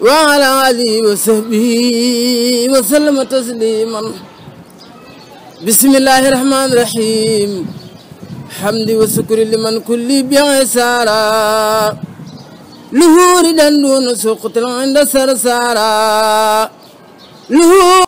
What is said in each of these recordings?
wa ala alihi wa sahbihi wa sallama tasliman bismillahi rahmani rahim hamdi wa sukri liman kulli bi'isara luhuri dan dun suqtil inda sarsara luhuri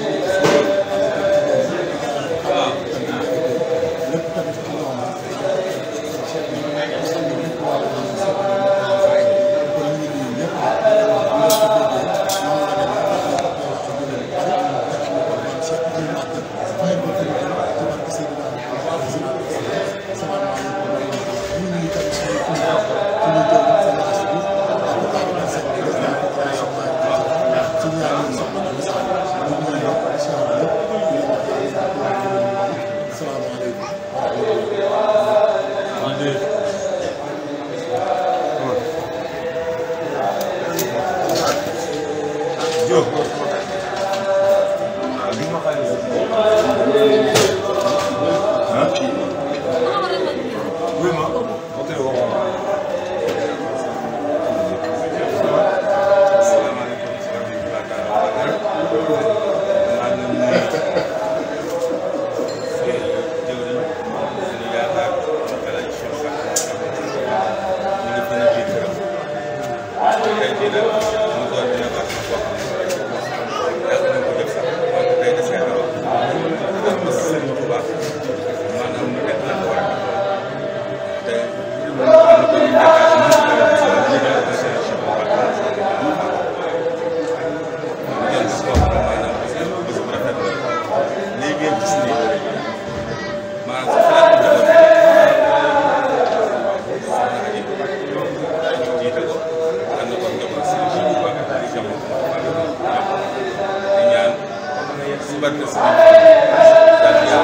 barke sëñ bi yàlla def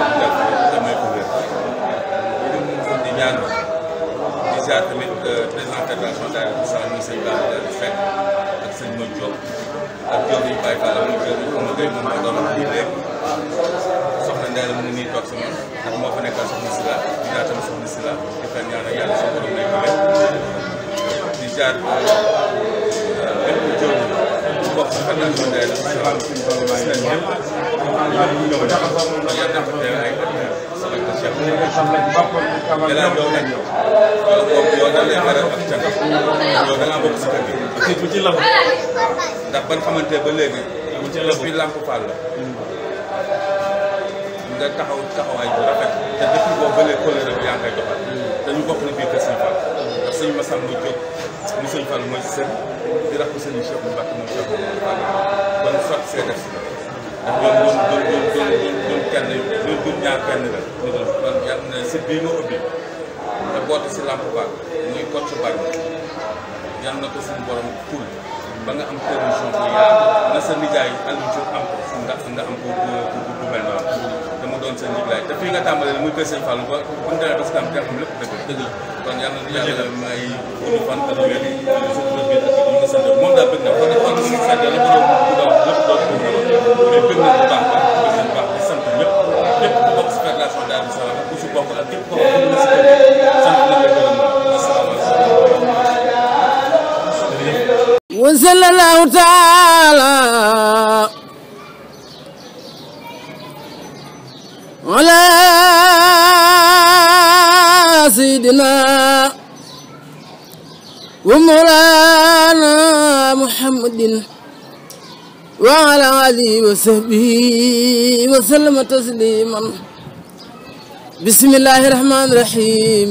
ko may ko wér ñu ngi di ñaan di ziar tamit président fédération daara Moussa muy sëñ Ba di fekk ak sëñ Modou Diop ak Diop yi Baye Fall mu Diop yi Oumou Gueye moom moo doon wax lii lépp soxna Ndeye la mu ngi nii toog sama ak moo fa nekkal soxna Sila di naan tamit soxna Sila di ko ñaanal yàlla soxna may ko wér di ziar. ci la ndax ban xamante ba léegi. bu ci la fi làmp faal la. nga taxaw taxawaay bu rafet. te depuis boobu ba léegi kóllëre bi yaa ngi koy doxal. dañu bokk na biir kër Sëñ Fall. ndax suñu masam muy jóg mu Sëñ Fall mooy seen. di rax ko sëriñ Cheikh bu Mbacke moom Cheikh Mamadou Fadal ba ñu sotti see def si la ndax doon doon doon doon doon doon kenn doon doon ñaar kenn la ñu doon kon yàlla na si bii ma ubbi te boote si làmp baax muy kocc baax yàlla na ko suñu borom ful ba nga am permission bu yaatu na sa nijaay Aliou Diop am ko nga nga am ko bu bu mel noonu dama doon sa ndiglaay te fii nga tàmbalee muy kër Sëñ Fallou ba bu ñu demee ba si tam kenn xam lépp dëgg la kon yàlla na yàlla may gudd fan ak wér sallallahu taala ala sayyidina wa mawlana muhammadin wa ala alihi wa sahbihi wa sallama tasliman bismillahi rahmani rahim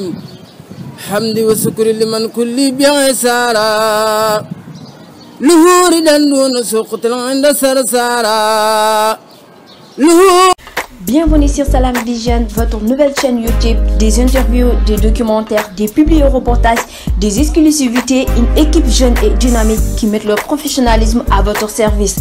hamdi wa sukri liman kulli bi sara luhuuri danduna suqutlan inda sarsara luhuuri Bienvenue sur Salam Vision, votre nouvelle chaîne YouTube, des interviews, des documentaires, des publi-reportages, des exclusivités, une équipe jeune et dynamique qui met leur professionnalisme à votre service.